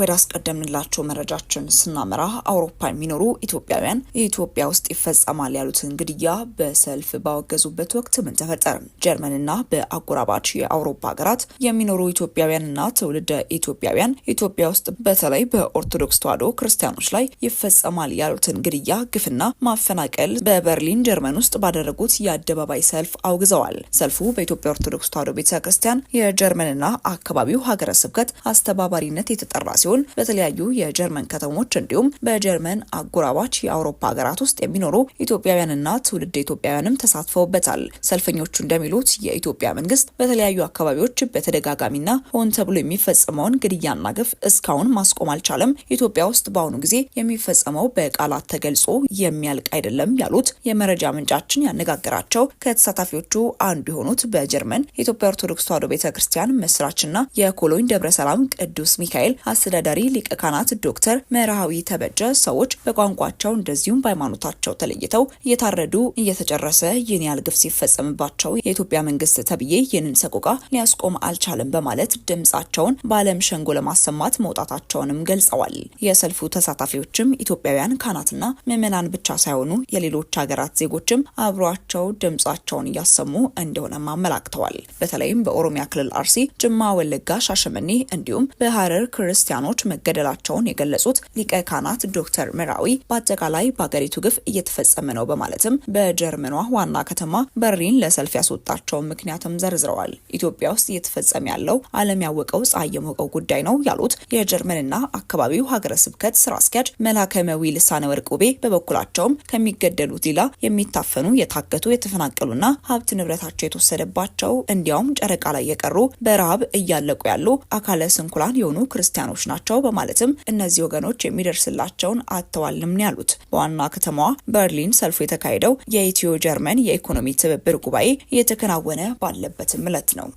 ወደ አስቀደምንላቸው መረጃችን ስናመራ አውሮፓ የሚኖሩ ኢትዮጵያውያን ኢትዮጵያ ውስጥ ይፈጸማል ያሉትን ግድያ በሰልፍ ባወገዙበት ወቅት ምን ተፈጠረ? ጀርመንና በአጎራባች የአውሮፓ ሀገራት የሚኖሩ ኢትዮጵያውያንና ትውልደ ኢትዮጵያውያን ኢትዮጵያ ውስጥ በተለይ በኦርቶዶክስ ተዋዶ ክርስቲያኖች ላይ ይፈጸማል ያሉትን ግድያ፣ ግፍና ማፈናቀል በበርሊን ጀርመን ውስጥ ባደረጉት የአደባባይ ሰልፍ አውግዘዋል። ሰልፉ በኢትዮጵያ ኦርቶዶክስ ተዋሕዶ ቤተክርስቲያን የጀርመንና አካባቢው ሀገረ ስብከት አስተባባሪነት የተጠራ ሲሆን ሲሆን በተለያዩ የጀርመን ከተሞች እንዲሁም በጀርመን አጎራባች የአውሮፓ ሀገራት ውስጥ የሚኖሩ ኢትዮጵያውያንና ትውልድ ኢትዮጵያውያንም ተሳትፈውበታል። ሰልፈኞቹ እንደሚሉት የኢትዮጵያ መንግስት በተለያዩ አካባቢዎች በተደጋጋሚና ሆን ተብሎ የሚፈጸመውን ግድያና ግፍ እስካሁን ማስቆም አልቻለም። ኢትዮጵያ ውስጥ በአሁኑ ጊዜ የሚፈጸመው በቃላት ተገልጾ የሚያልቅ አይደለም ያሉት የመረጃ ምንጫችን ያነጋገራቸው ከተሳታፊዎቹ አንዱ የሆኑት በጀርመን የኢትዮጵያ ኦርቶዶክስ ተዋሕዶ ቤተ ክርስቲያን መስራችና የኮሎኝ ደብረ ሰላም ቅዱስ ሚካኤል አስተዳ ተወዳዳሪ ሊቀ ካህናት ዶክተር መርሃዊ ተበጀ ሰዎች በቋንቋቸው እንደዚሁም በሃይማኖታቸው ተለይተው እየታረዱ እየተጨረሰ ይህን ያህል ግፍ ሲፈጸምባቸው የኢትዮጵያ መንግስት ተብዬ ይህንን ሰቆቃ ሊያስቆም አልቻለም በማለት ድምጻቸውን በዓለም ሸንጎ ለማሰማት መውጣታቸውንም ገልጸዋል። የሰልፉ ተሳታፊዎችም ኢትዮጵያውያን ካህናትና ምዕመናን ብቻ ሳይሆኑ የሌሎች ሀገራት ዜጎችም አብሯቸው ድምጻቸውን እያሰሙ እንደሆነም አመላክተዋል። በተለይም በኦሮሚያ ክልል አርሲ፣ ጅማ፣ ወለጋ፣ ሻሸመኔ እንዲሁም በሀረር ክርስቲያን ክርስቲያኖች መገደላቸውን የገለጹት ሊቀ ካህናት ዶክተር ምራዊ በአጠቃላይ በአገሪቱ ግፍ እየተፈጸመ ነው በማለትም በጀርመኗ ዋና ከተማ በርሊን ለሰልፍ ያስወጣቸውን ምክንያትም ዘርዝረዋል። ኢትዮጵያ ውስጥ እየተፈጸመ ያለው ዓለም ያወቀው ፀሐይ የሞቀው ጉዳይ ነው ያሉት የጀርመንና አካባቢው ሀገረ ስብከት ስራ አስኪያጅ መላከመዊ ልሳነ ወርቅ ውቤ በበኩላቸውም ከሚገደሉት ሌላ የሚታፈኑ የታገቱ የተፈናቀሉና ሀብት ንብረታቸው የተወሰደባቸው እንዲያውም ጨረቃ ላይ የቀሩ በረሃብ እያለቁ ያሉ አካለ ስንኩላን የሆኑ ክርስቲያኖች ናቸው በማለትም እነዚህ ወገኖች የሚደርስላቸውን አጥተዋልም ነው ያሉት። በዋና ከተማዋ በርሊን ሰልፉ የተካሄደው የኢትዮ ጀርመን የኢኮኖሚ ትብብር ጉባኤ እየተከናወነ ባለበትም እለት ነው።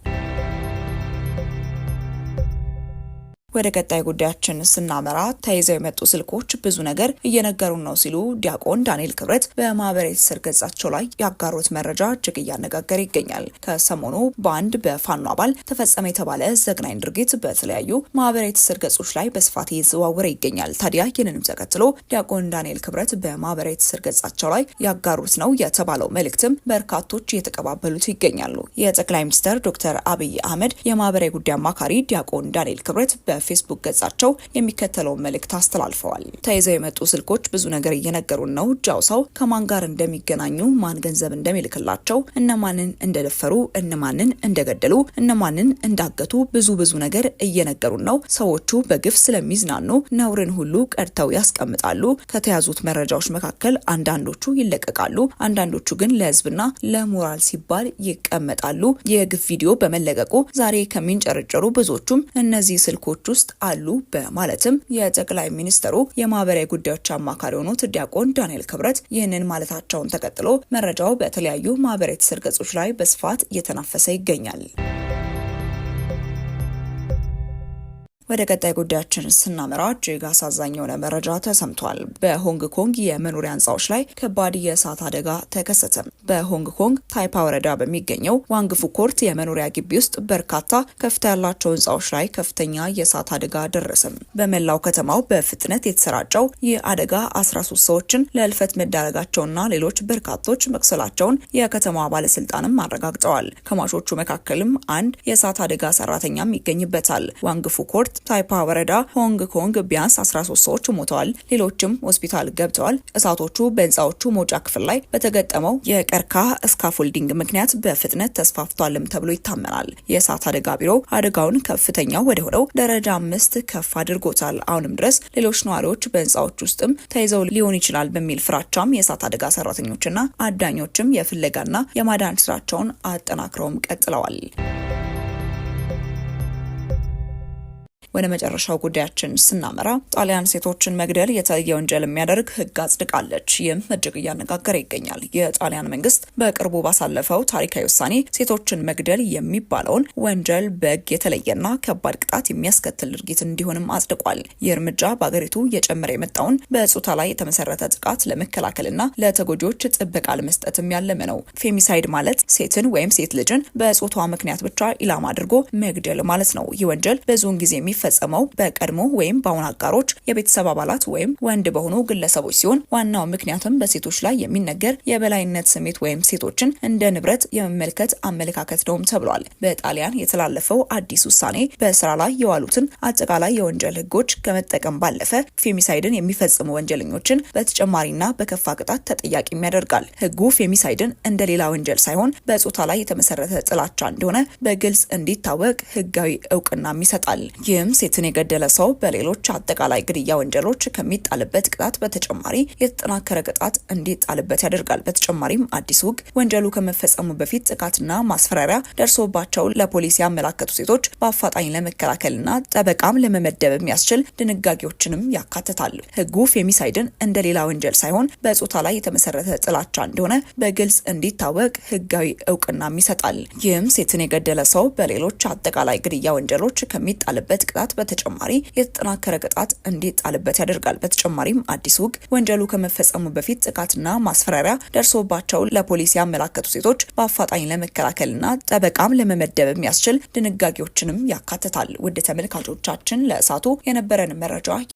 ወደ ቀጣይ ጉዳያችን ስናመራ ተይዘው የመጡ ስልኮች ብዙ ነገር እየነገሩን ነው ሲሉ ዲያቆን ዳንኤል ክብረት በማህበራዊ ትስስር ገጻቸው ላይ ያጋሩት መረጃ እጅግ እያነጋገረ ይገኛል። ከሰሞኑ በአንድ በፋኖ አባል ተፈጸመ የተባለ ዘግናኝ ድርጊት በተለያዩ ማህበራዊ ትስስር ገጾች ላይ በስፋት እየተዘዋወረ ይገኛል። ታዲያ ይህንንም ተከትሎ ዲያቆን ዳንኤል ክብረት በማህበራዊ ትስስር ገጻቸው ላይ ያጋሩት ነው የተባለው መልእክትም በርካቶች እየተቀባበሉት ይገኛሉ። የጠቅላይ ሚኒስትር ዶክተር አብይ አህመድ የማህበራዊ ጉዳይ አማካሪ ዲያቆን ዳንኤል ክብረት በ በፌስቡክ ገጻቸው የሚከተለውን መልእክት አስተላልፈዋል። ተይዘው የመጡ ስልኮች ብዙ ነገር እየነገሩን ነው። ጃውሳው ከማን ጋር እንደሚገናኙ፣ ማን ገንዘብ እንደሚልክላቸው፣ እነማንን እንደደፈሩ፣ እነማንን እንደገደሉ፣ እነማንን እንዳገቱ ብዙ ብዙ ነገር እየነገሩን ነው። ሰዎቹ በግፍ ስለሚዝናኑ ነውርን ሁሉ ቀድተው ያስቀምጣሉ። ከተያዙት መረጃዎች መካከል አንዳንዶቹ ይለቀቃሉ፣ አንዳንዶቹ ግን ለህዝብና ለሞራል ሲባል ይቀመጣሉ። የግፍ ቪዲዮ በመለቀቁ ዛሬ ከሚንጨረጨሩ ብዙዎቹም እነዚህ ስልኮቹ ውስጥ አሉ በማለትም የጠቅላይ ሚኒስትሩ የማህበራዊ ጉዳዮች አማካሪ የሆኑት ዲያቆን ዳንኤል ክብረት ይህንን ማለታቸውን ተቀጥሎ መረጃው በተለያዩ ማህበራዊ ትስስር ገጾች ላይ በስፋት እየተናፈሰ ይገኛል። ወደ ቀጣይ ጉዳያችን ስናመራ እጅግ አሳዛኝ የሆነ መረጃ ተሰምቷል። በሆንግ ኮንግ የመኖሪያ ህንፃዎች ላይ ከባድ የእሳት አደጋ ተከሰተም። በሆንግ ኮንግ ታይፓ ወረዳ በሚገኘው ዋንግፉ ኮርት የመኖሪያ ግቢ ውስጥ በርካታ ከፍታ ያላቸው ህንፃዎች ላይ ከፍተኛ የእሳት አደጋ ደረሰም። በመላው ከተማው በፍጥነት የተሰራጨው ይህ አደጋ 13 ሰዎችን ለእልፈት መዳረጋቸውና ሌሎች በርካቶች መቁሰላቸውን የከተማዋ ባለስልጣንም አረጋግጠዋል። ከሟቾቹ መካከልም አንድ የእሳት አደጋ ሰራተኛም ይገኝበታል። ዋንግፉ ኮርት ወቅት ታይፓ ወረዳ ሆንግ ኮንግ ቢያንስ 13 ሰዎች ሞተዋል፣ ሌሎችም ሆስፒታል ገብተዋል። እሳቶቹ በህንፃዎቹ መውጫ ክፍል ላይ በተገጠመው የቀርከሃ ስካፎልዲንግ ምክንያት በፍጥነት ተስፋፍቷልም ተብሎ ይታመናል። የእሳት አደጋ ቢሮ አደጋውን ከፍተኛው ወደ ሆነው ደረጃ አምስት ከፍ አድርጎታል። አሁንም ድረስ ሌሎች ነዋሪዎች በህንፃዎች ውስጥም ተይዘው ሊሆን ይችላል በሚል ፍራቻም የእሳት አደጋ ሰራተኞችና አዳኞችም የፍለጋና የማዳን ስራቸውን አጠናክረውም ቀጥለዋል። ወደ መጨረሻው ጉዳያችን ስናመራ ጣሊያን ሴቶችን መግደል የተለየ ወንጀል የሚያደርግ ህግ አጽድቃለች። ይህም እጅግ እያነጋገረ ይገኛል። የጣሊያን መንግስት በቅርቡ ባሳለፈው ታሪካዊ ውሳኔ ሴቶችን መግደል የሚባለውን ወንጀል በህግ የተለየና ከባድ ቅጣት የሚያስከትል ድርጊት እንዲሆንም አጽድቋል። ይህ እርምጃ በአገሪቱ የጨመረ የመጣውን በጾታ ላይ የተመሰረተ ጥቃት ለመከላከልና ለተጎጂዎች ጥበቃ ለመስጠትም ያለመ ነው። ፌሚሳይድ ማለት ሴትን ወይም ሴት ልጅን በጾቷ ምክንያት ብቻ ኢላማ አድርጎ መግደል ማለት ነው። ይህ ወንጀል ብዙውን ጊዜ የሚፈ የሚፈጸመው በቀድሞ ወይም በአሁን አጋሮች የቤተሰብ አባላት ወይም ወንድ በሆኑ ግለሰቦች ሲሆን ዋናው ምክንያትም በሴቶች ላይ የሚነገር የበላይነት ስሜት ወይም ሴቶችን እንደ ንብረት የመመልከት አመለካከት ነውም ተብሏል። በጣሊያን የተላለፈው አዲስ ውሳኔ በስራ ላይ የዋሉትን አጠቃላይ የወንጀል ህጎች ከመጠቀም ባለፈ ፌሚሳይድን የሚፈጽሙ ወንጀለኞችን በተጨማሪና በከፋ ቅጣት ተጠያቂም ያደርጋል። ህጉ ፌሚሳይድን እንደ ሌላ ወንጀል ሳይሆን በጾታ ላይ የተመሰረተ ጥላቻ እንደሆነ በግልጽ እንዲታወቅ ህጋዊ እውቅናም ይሰጣል። ይህም ሴትን የገደለ ሰው በሌሎች አጠቃላይ ግድያ ወንጀሎች ከሚጣልበት ቅጣት በተጨማሪ የተጠናከረ ቅጣት እንዲጣልበት ያደርጋል። በተጨማሪም አዲስ ሕግ ወንጀሉ ከመፈጸሙ በፊት ጥቃትና ማስፈራሪያ ደርሶባቸው ለፖሊስ ያመላከቱ ሴቶች በአፋጣኝ ለመከላከልና ጠበቃም ለመመደብ የሚያስችል ድንጋጌዎችንም ያካትታል። ህጉ ፌሚሳይድን እንደ ሌላ ወንጀል ሳይሆን በጾታ ላይ የተመሰረተ ጥላቻ እንደሆነ በግልጽ እንዲታወቅ ህጋዊ እውቅናም ይሰጣል። ይህም ሴትን የገደለ ሰው በሌሎች አጠቃላይ ግድያ ወንጀሎች ከሚጣልበት ቅጣት ቅጣት በተጨማሪ የተጠናከረ ቅጣት እንዲጣልበት ያደርጋል። በተጨማሪም አዲስ ሕግ ወንጀሉ ከመፈጸሙ በፊት ጥቃትና ማስፈራሪያ ደርሶባቸው ለፖሊስ ያመላከቱ ሴቶች በአፋጣኝ ለመከላከልና ጠበቃም ለመመደብ የሚያስችል ድንጋጌዎችንም ያካትታል። ውድ ተመልካቾቻችን ለእሳቱ የነበረን መረጃ